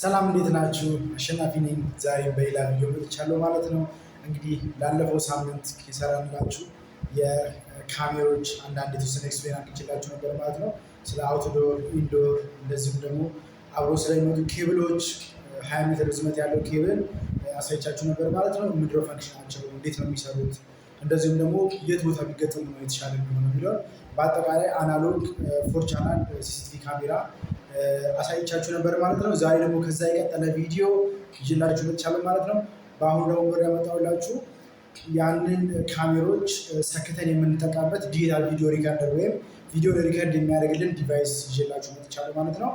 ሰላም እንዴት ናችሁ? አሸናፊ ነኝ። ዛሬ በሌላ ቪዲዮ መጥቻለሁ ማለት ነው። እንግዲህ ላለፈው ሳምንት የሰራንላችሁ የካሜሮች አንዳንድ የተወሰነ ኤክስፔሪን አንችላችሁ ነበር ማለት ነው። ስለ አውትዶር፣ ኢንዶር እንደዚሁም ደግሞ አብሮ ስለሚመጡ ኬብሎች ሀያ ሜትር ርዝመት ያለው ኬብል አሳይቻችሁ ነበር ማለት ነው። ምንድነው ፈንክሽናቸው፣ እንዴት ነው የሚሰሩት፣ እንደዚሁም ደግሞ የት ቦታ ቢገጥም ነው የተሻለ የሚሆነው የሚለውን በአጠቃላይ አናሎግ ፎር ቻናል ሲሲቲቪ ካሜራ አሳይቻችሁ ነበር ማለት ነው። ዛሬ ደግሞ ከዛ የቀጠለ ቪዲዮ ይዤላችሁ መጥቻለሁ ማለት ነው። በአሁኑ ደግሞ ወር ያመጣሁላችሁ ያንን ካሜሮች ሰክተን የምንጠቃበት ዲጂታል ቪዲዮ ሪከርደር ወይም ቪዲዮ ሪከርድ የሚያደርግልን ዲቫይስ ይዤላችሁ መጥቻለሁ ማለት ነው።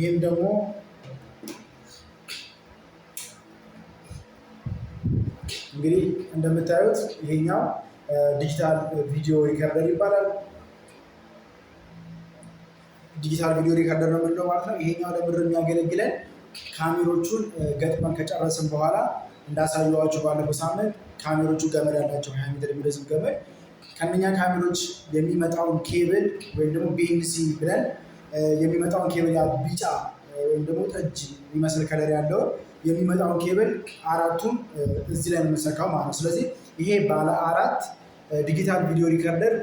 ይህም ደግሞ እንግዲህ እንደምታዩት ይሄኛው ዲጂታል ቪዲዮ ሪከርደር ይባላል። ዲጂታል ቪዲዮ ሪከርደር ነው የምንለው ማለት ነው። ይሄኛው ለምድር የሚያገለግለን ካሜሮቹን ገጥመን ከጨረስን በኋላ እንዳሳየዋችሁ ባለፈው ሳምንት ካሜሮቹ ገመድ ያላቸው ሀያ ሜትር የሚረዝም ገመድ ከእነኛ ካሜሮች የሚመጣውን ኬብል ወይም ደግሞ ቢኤንሲ ብለን የሚመጣውን ኬብል ያ ቢጫ ወይም ደግሞ ጠጅ የሚመስል ከለር ያለውን የሚመጣውን ኬብል አራቱን እዚህ ላይ የምንሰካው ማለት ነው። ስለዚህ ይሄ ባለ አራት ዲጂታል ቪዲዮ ሪከርደር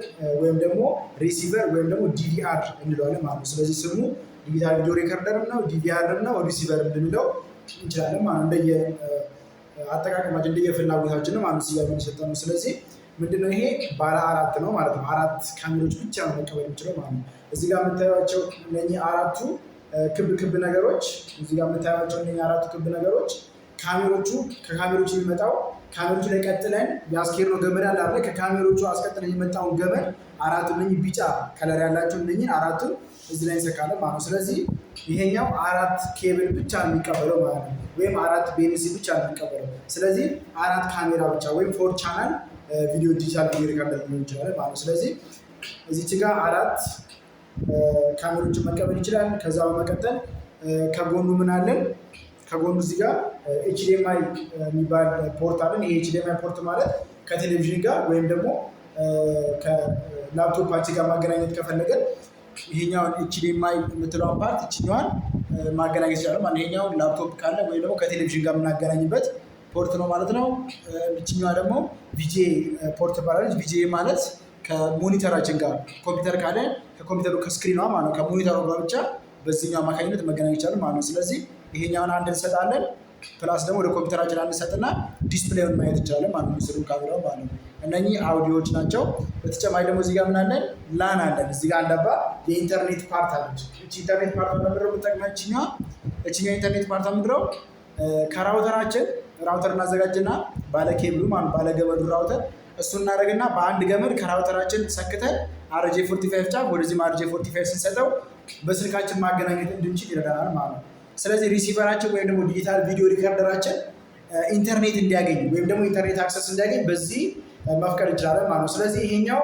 ወይም ደግሞ ሪሲቨር ወይም ደግሞ ዲቪአር እንለዋለን ማለት ነው። ስለዚህ ስሙ ዲጂታል ቪዲዮ ሪከርደር ነው፣ ዲቪአር ነው፣ ሪሲቨር እንድንለው እንችላለን ማለት ነው። እንደየ አጠቃቀማችን እንደየ ፍላጎታችን ነው ማለት ነው የሚሰጠ ነው። ስለዚህ ምንድነው ይሄ ባለ አራት ነው ማለት ነው። አራት ካሜሮች ብቻ ነው መቀበል የምችለው ማለት ነው። እዚህ ጋር የምታዩቸው እነኚህ አራቱ ክብ ክብ ነገሮች እዚህ ጋር የምታያቸው እነ አራቱ ክብ ነገሮች ካሜሮቹ ከካሜሮቹ የሚመጣው ካሜሮቹ ላይ ቀጥለን ያስኬድነው ገመድ አለ አይደል? ከካሜሮቹ አስቀጥለን የመጣውን ገመድ አራቱ እነኝህ ቢጫ ከለር ያላቸው እነኝህን አራቱ እዚህ ላይ እንሰካለን ማለት ነው። ስለዚህ ይሄኛው አራት ኬብል ብቻ የሚቀበለው ማለት ነው፣ ወይም አራት ቤንሲ ብቻ የሚቀበለው። ስለዚህ አራት ካሜራ ብቻ ወይም ፎር ቻናል ቪዲዮ ዲጂታል ሊሆን ይችላል ማለት ነው። ስለዚህ እዚች ጋር አራት ካሜሮችን መቀበል ይችላል። ከዛ በመቀጠል ከጎኑ ምን አለን? ከጎኑ እዚህ ጋር ኤችዲኤምአይ የሚባል ፖርት አለን። ይሄ ኤችዲኤምአይ ፖርት ማለት ከቴሌቪዥን ጋር ወይም ደግሞ ከላፕቶፓችን ጋር ማገናኘት ከፈለገን ይሄኛውን ኤችዲኤምአይ የምትለውን ፓርት እችኛዋን ማገናኘት ይችላል። ይሄኛውን ላፕቶፕ ካለ ወይም ደግሞ ከቴሌቪዥን ጋር የምናገናኝበት ፖርት ነው ማለት ነው። እችኛዋ ደግሞ ቪጂኤ ፖርት ባላለች። ቪጂኤ ማለት ከሞኒተራችን ጋር ኮምፒውተር ካለ ከኮምፒውተሩ ከስክሪኗ ማለት ነው ከሞኒተሩ ጋር ብቻ በዚህኛው አማካኝነት መገናኘት ይቻላል ማለት ነው። ስለዚህ ይሄኛውን አንድ እንሰጣለን ፕላስ ደግሞ ወደ ኮምፒውተራችን አንሰጥና ዲስፕሌውን ማየት እንችላለን ማለት ነው። ምስሉን ካሜራው ማለት ነው። እነኚህ አውዲዮዎች ናቸው። በተጨማሪ ደግሞ እዚጋ ምን አለን? ላን አለን። እዚጋ አለባ የኢንተርኔት ፓርት አለች። እቺ ኢንተርኔት ፓርት ምንድነው የምጠቅመን? እችኛ እችኛ ኢንተርኔት ፓርት ምንድነው? ከራውተራችን ራውተር እናዘጋጅና ባለ ኬብሉ ባለ ራውተር እሱ እናደርግና በአንድ ገመድ ከራውተራችን ሰክተን አርጄ ፎርቲ ፋይቭ ጫፍ ወደዚህም አርጄ ፎርቲ ፋይቭ ስንሰጠው በስልካችን ማገናኘት እንድንችል ይረዳናል ማለት ነው። ስለዚህ ሪሲቨራችን ወይም ደግሞ ዲጂታል ቪዲዮ ሪከርደራችን ኢንተርኔት እንዲያገኝ ወይም ደግሞ ኢንተርኔት አክሰስ እንዲያገኝ በዚህ መፍቀድ እንችላለን ማለት ነው። ስለዚህ ይሄኛው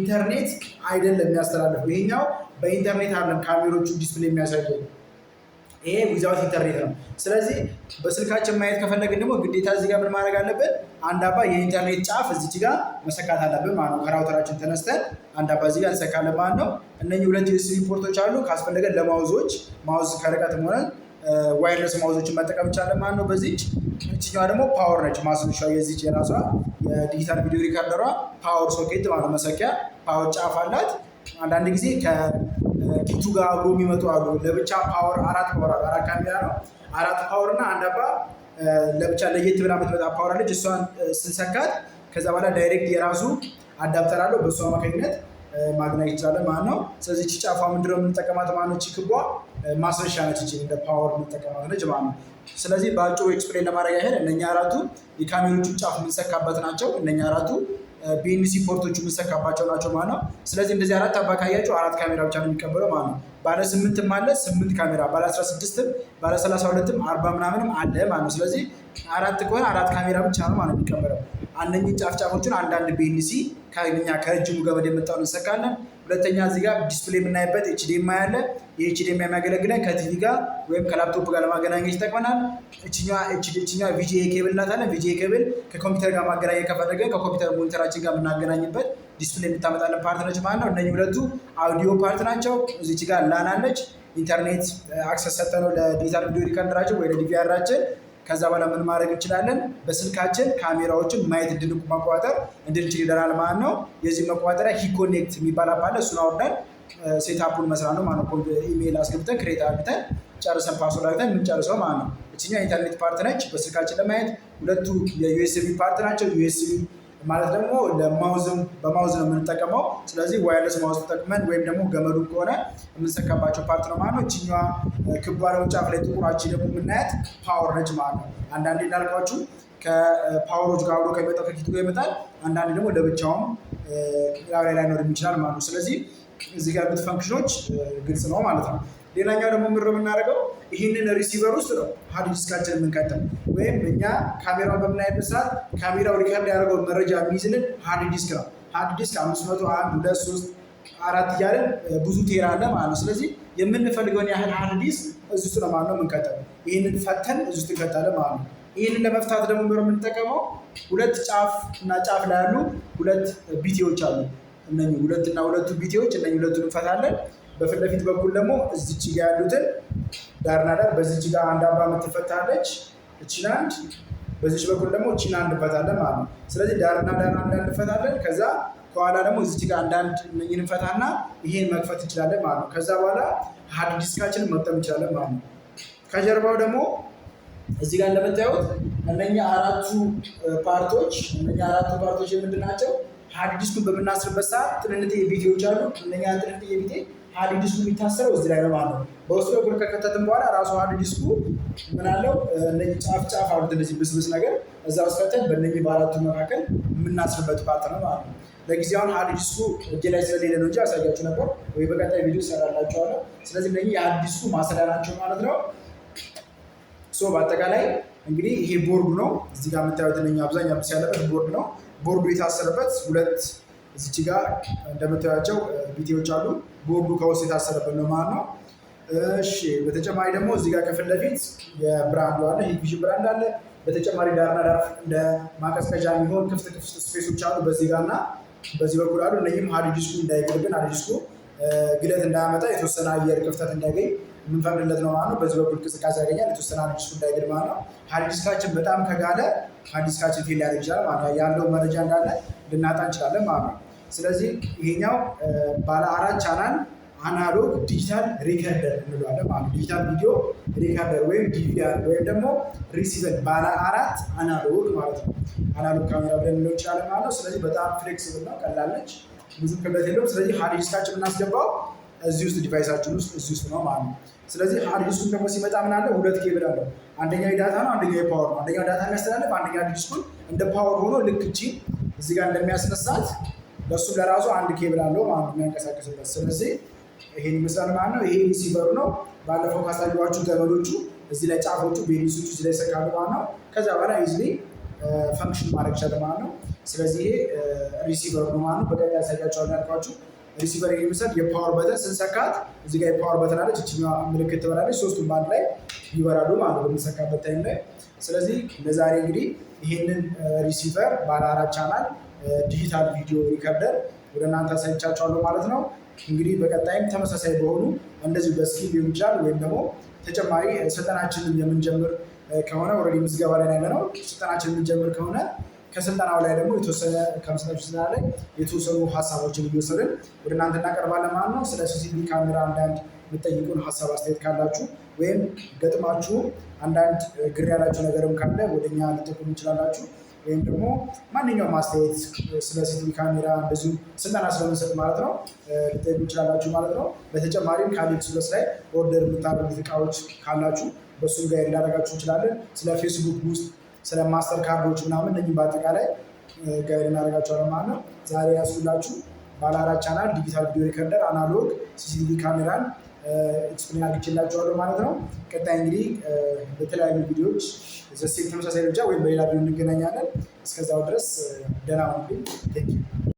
ኢንተርኔት አይደለም የሚያስተላልፈው፣ ይሄኛው በኢንተርኔት አለም ካሜሮቹ ዲስፕሌይ የሚያሳየው ይሄ ዊዛውት ኢንተርኔት ነው። ስለዚህ በስልካችን ማየት ከፈለግን ደግሞ ግዴታ እዚህ ጋር ምን ማድረግ አለብን? አንድ አባ የኢንተርኔት ጫፍ እዚች ጋር መሰካት አለብን ማለት ነው። ከራውተራችን ተነስተን አንድ አባ እዚህ ጋር እንሰካለን ማለት ነው። እነኚህ ሁለት ዩኤስቢ ፖርቶች አሉ። ካስፈለገን ለማውዞች ማውዝ ከርቀትም ሆነ ዋይርለስ ማውዞችን መጠቀም እንችላለን ማለት ነው። በዚች እችኛዋ ደግሞ ፓወር ነች ማስነሻ የዚች የራሷ የዲጂታል ቪዲዮ ሪካርደሯ ፓወር ሶኬት ማለት መሰኪያ ፓወር ጫፍ አላት። አንዳንድ ጊዜ ከኪቱ ጋር አብሮ የሚመጡ አሉ። ለብቻ ፓወር አራት ፓወር አሉ። አራት ካሜራ ነው። አራት ፓወር እና አንድ አባ ለብቻ ለየት ብላ የምትመጣ ፓወር አለች። እሷን ስንሰካት ከዛ በኋላ ዳይሬክት የራሱ አዳፕተር አለው። በእሱ አማካኝነት ማግናት ይቻላል ማለት ነው። ስለዚህ ቺ ጫፏ ምንድነው የምንጠቀማት ማለት ነው። እቺ ክቧ ማስረሻ ነች። እቺ እንደ ፓወር የምንጠቀማት ነች ማለት ነው። ስለዚህ በአጭሩ ኤክስፕሌን ለማድረግ ያህል እነኛ አራቱ የካሜሮቹን ጫፍ የምንሰካበት ናቸው። እነኛ አራቱ ቢኤንሲ ፖርቶቹ የምንሰካባቸው ናቸው ማለት ነው። ስለዚህ እንደዚህ አራት አባካያቸው አራት ካሜራ ብቻ ነው የሚቀበለው ማለት ነው። ባለ ስምንትም አለ ስምንት ካሜራ፣ ባለ አስራ ስድስትም ባለ ሰላሳ ሁለትም አርባ ምናምንም አለ ማለት ነው። ስለዚህ አራት ከሆነ አራት ካሜራ ብቻ ነው ማለት የሚቀበለው። አንደኝ ጫፍጫፎቹን አንዳንድ ቢኤንሲ ከኛ ከረጅሙ ገመድ የመጣውን እንሰካለን። ሁለተኛ እዚህ ጋር ዲስፕሌይ የምናይበት ኤችዲኤምአይ አለ። የኤችዲኤምአይ የሚያገለግለን ከቲቪ ጋር ወይም ከላፕቶፕ ጋር ለማገናኘት ይጠቅመናል። እችኛ ቪጂኤ ኬብል እናታለን። ቪጂኤ ኬብል ከኮምፒውተር ጋር ማገናኘት ከፈለገ ከኮምፒውተር ሞኒተራችን ጋር የምናገናኝበት ዲስፕሌይ የምታመጣለን ፓርት ነች ማለት ነው። እነኝህ ሁለቱ አውዲዮ ፓርት ናቸው። እዚች ጋር ላናለች ኢንተርኔት አክሰስ ሰጠነው ለዲጂታል ቪዲዮ ሪከርደራችን ወይ ለዲቪአራችን ከዛ በኋላ ምን ማድረግ እንችላለን? በስልካችን ካሜራዎችን ማየት እንድንቁ መቆጣጠር እንድንችል ይደራል ማለት ነው። የዚህ መቆጣጠሪያ ሂኮኔክት የሚባል አባለ እሱን አውርደን ሴታፑን መስራት ነው ማለት ነው። ኢሜይል አስገብተን ክሬት አድርግተን ጨርሰን ፓስወርድ አድርግተን የምንጨርሰው ማለት ነው። እችኛ ኢንተርኔት ፓርት ነች፣ በስልካችን ለማየት ሁለቱ የዩኤስቢ ፓርት ናቸው። ዩኤስቢ ማለት ደግሞ ለማውዝም በማውዝ ነው የምንጠቀመው። ስለዚህ ዋይለስ ማውዝ ተጠቅመን ወይም ደግሞ ገመዱ ከሆነ የምንሰካባቸው ፓርት ነው ማለት ነው። እችኛዋ ክቧ ጫፍ ላይ ጥቁራችን ደግሞ የምናያት ፓወር ነች ማለት ነው። አንዳንድ እንዳልኳችሁ ከፓወሮች ጋር አብሮ ከሚመጣው ከኪቱ ጋር ይመጣል። አንዳንድ ደግሞ ለብቻውም ላብላይ ላይኖር የሚችላል ማለት ነው። ስለዚህ እዚህ ጋር ያሉት ፈንክሽኖች ግልጽ ነው ማለት ነው። ሌላኛው ደግሞ ምር የምናደርገው ይህንን ሪሲቨር ውስጥ ነው ሀርድ ዲስካችን የምንከተል ወይም እኛ ካሜራውን በምናይበት ሰዓት ካሜራው ሪከርድ ያደርገው መረጃ የሚይዝልን ሀርድ ዲስክ ነው። ሀርድ ዲስክ አምስት መቶ አንድ ሁለት ሶስት አራት እያለን ብዙ ቴራ አለ ማለት ነው። ስለዚህ የምንፈልገውን ያህል ሀርድ ዲስክ እዚህ ውስጥ ነው ማለት ነው የምንከተል። ይህንን ፈተን እዚህ ውስጥ እንከታለን ማለት ነው። ይህንን ለመፍታት ደግሞ ምር የምንጠቀመው ሁለት ጫፍ እና ጫፍ ላይ ያሉ ሁለት ቢቴዎች አሉ። እነ ሁለት እና ሁለቱ ቢቲዎች እነ ሁለቱን እንፈታለን። በፊት ለፊት በኩል ደግሞ እዚች ጋ ያሉትን ዳርና ዳር በዚች ጋ አንድ አባ የምትፈታለች እችን አንድ በዚች በኩል ደግሞ እችን አንድ እንፈታለን ማለት ነው። ስለዚህ ዳርና ዳር አንድ እንፈታለን። ከዛ ከኋላ ደግሞ እዚች ጋ አንዳንድ እነኝን እንፈታና ይሄን መክፈት እንችላለን ማለት ነው። ከዛ በኋላ ሀርድ ዲስካችንን መጠም እንችላለን ማለት ነው። ከጀርባው ደግሞ እዚህ ጋር እንደምታዩት እነኛ አራቱ ፓርቶች እነኛ አራቱ ፓርቶች የምንድን ናቸው? ሀርድ ዲስኩን በምናስርበት ሰዓት ትንንትዬ ቢቴዎች አሉ። እነኛ ትንንትዬ ቢቴ ሀርድ ዲስኩ የሚታሰረው እዚህ ላይ ነው ማለት ነው። በውስጡ በኩል ከከተትን በኋላ ራሱ ሀርድ ዲስኩ ምናለው ጫፍ ጫፍ አሉት እነዚህ ብስብስ ነገር እዛ ውስጥ ከተን በእነኚህ በአራቱ መካከል የምናስርበት ፓርት ነው ማለት ነው። ለጊዜውን ሀርድ ዲስኩ እጅ ላይ ስለሌለ ነው እንጂ ያሳያችሁ ነበር ወይ በቀጣይ ቪዲዮ ይሰራላችኋለሁ። ስለዚህ እነኚህ የሀርድ ዲስኩ ማሰሪያ ናቸው ማለት ነው። ሶ በአጠቃላይ እንግዲህ ይሄ ቦርድ ነው እዚህ ጋር የምታዩት እነኛ አብዛኛው ያለበት ቦርድ ነው። ቦርዱ የታሰረበት ሁለት እዚች ጋር እንደምታያቸው ቢቴዎች አሉ። ቦርዱ ከውስጥ የታሰረበት ነው ማለት ነው። እሺ በተጨማሪ ደግሞ እዚህ ጋር ከፊት ለፊት የብራንዱ አለ ሂግቪዥን ብራንድ አለ። በተጨማሪ ዳርና ዳር እንደ ማቀዝቀዣ የሚሆን ክፍት ክፍት ስፔሶች አሉ በዚህ ጋር እና በዚህ በኩል አሉ። እነዚህም ሀርድ ዲስኩ እንዳይጎድብን ሀርድ ዲስኩ ግለት እንዳያመጣ የተወሰነ አየር ክፍተት እንዳይገኝ የምንፈቅድለት ነው ማለት ነው። በዚህ በኩል እንቅስቃሴ ያገኛል። የተወሰነ ሀዲስ ጉዳይ ግን ማለት ነው ሀዲስካችን በጣም ከጋለ ሀዲስካችን ፌል ሊያደርግ ይችላል ማለት ነው። ያለው መረጃ እንዳለ ልናጣ እንችላለን ማለት ነው። ስለዚህ ይሄኛው ባለ አራት ቻናል አናሎግ ዲጂታል ሪከርደር እንለዋለን ማለት ነው። ዲጂታል ቪዲዮ ሪከርደር ወይም ዲቪአር ወይም ደግሞ ሪሲቨር ባለ አራት አናሎግ ማለት ነው። አናሎግ ካሜራ ብለን እንለው ይችላለን ማለት ነው። ስለዚህ በጣም ፍሌክስብል ነው፣ ቀላል ነች፣ ብዙ ክብደት የለውም። ስለዚህ ሀዲስካችን የምናስገባው እዚህ ውስጥ ዲቫይሳችን ውስጥ እዚህ ውስጥ ነው ማለት ነው። ስለዚህ ሃርድ ዲስኩን ደግሞ ሲመጣ ምን አለ ሁለት ኬብል አለው። አንደኛ የዳታ ነው፣ አንደኛ የፓወር ነው። አንደኛው ዳታ የሚያስተላልፍ፣ አንደኛ ዲስኩን እንደ ፓወር ሆኖ ልክ እጂ እዚህ ጋር እንደሚያስነሳት ለእሱ ለራሱ አንድ ኬብል አለው ማለት ነው የሚያንቀሳቀስበት። ስለዚህ ይሄን ይመስላል ማለት ነው። ይሄ ሪሲቨሩ ነው። ባለፈው ካሳየኋችሁ ገመዶቹ እዚህ ላይ ጫፎቹ ቤቢሶቹ እዚህ ላይ ይሰካሉ ማለት ነው። ከዚ በኋላ ዚ ፈንክሽን ማድረግ ይቻላል ማለት ነው። ስለዚህ ይሄ ሪሲቨሩ ነው ማለት ነው። በቀጣይ ያሳያቸዋል ያልኳችሁ ሪሲቨር የሚሰጥ የፓወር በተን ስንሰካት እዚህ ጋር የፓወር በተን አለች፣ እችኛ ምልክት ትበላለች። ሶስቱም በአንድ ላይ ይበራሉ ማለት ነው በምንሰካበት ታይም ላይ። ስለዚህ ለዛሬ እንግዲህ ይሄንን ሪሲቨር ባለ አራት ቻናል ዲጂታል ቪዲዮ ሪከርደር ወደ እናንተ አሳይቻችኋለሁ ማለት ነው። እንግዲህ በቀጣይም ተመሳሳይ በሆኑ እንደዚህ በስኪል ሊሆን ይችላል ወይም ደግሞ ተጨማሪ ስልጠናችንን የምንጀምር ከሆነ ኦልሬዲ ምዝገባ ላይ ያለ ነው። ስልጠናችን የምንጀምር ከሆነ ከስልጠናው ላይ ደግሞ የተወሰነ ከምስላች ስልጠና ላይ የተወሰኑ ሀሳቦችን እየወሰድን ወደ እናንተ እናቀርባለን ማለት ነው። ስለ ሲሲቲቪ ካሜራ አንዳንድ የምጠይቁን ሀሳብ አስተያየት ካላችሁ ወይም ገጥማችሁ አንዳንድ ግር ያላችሁ ነገርም ካለ ወደኛ ልጠቁም ይችላላችሁ። ወይም ደግሞ ማንኛውም አስተያየት ስለ ሲሲቲቪ ካሜራ እንደዚሁ ስልጠና ስለምንሰጥ ማለት ነው ልጠይቁ ይችላላችሁ ማለት ነው። በተጨማሪም ከአሊኤክስፕረስ ላይ ኦርደር የምታደርጉት እቃዎች ካላችሁ በሱም ጋር ላደርጋችሁ እንችላለን። ስለ ፌስቡክ ውስጥ ስለ ማስተር ካርዶች ምናምን እነኝም በአጠቃላይ ገበሬ እናደርጋቸዋለን ማለት ነው። ዛሬ ያስላችሁ ባለ ቻናል ዲጂታል ቪዲዮ ሪከርደር አናሎግ ሲሲቲቪ ካሜራን ኤክስፕሌን አድርጌላችኋለሁ ማለት ነው። ቀጣይ እንግዲህ በተለያዩ ቪዲዮዎች ዘሴ ተመሳሳይ ደረጃ ወይም በሌላ ቪዲዮ እንገናኛለን። እስከዛው ድረስ ደህና ሁኑልኝ።